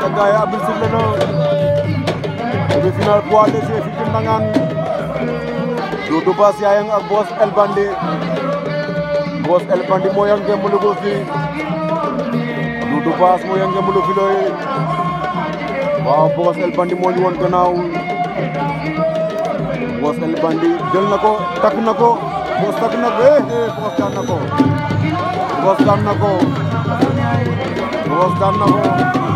te gaay abdul sifle na demi-finale poids léger fi ci ak Brosse El Bandit Brosse El Bandit moo yang ngemb lu ko fi moo yang ngemb lu fi looy El Bandit moo ñu woon gannaaw El Bandit jël na ko takk na ko Brosse takk na ko eh eh Brosse daan na ko Brosse daan na ko Brosse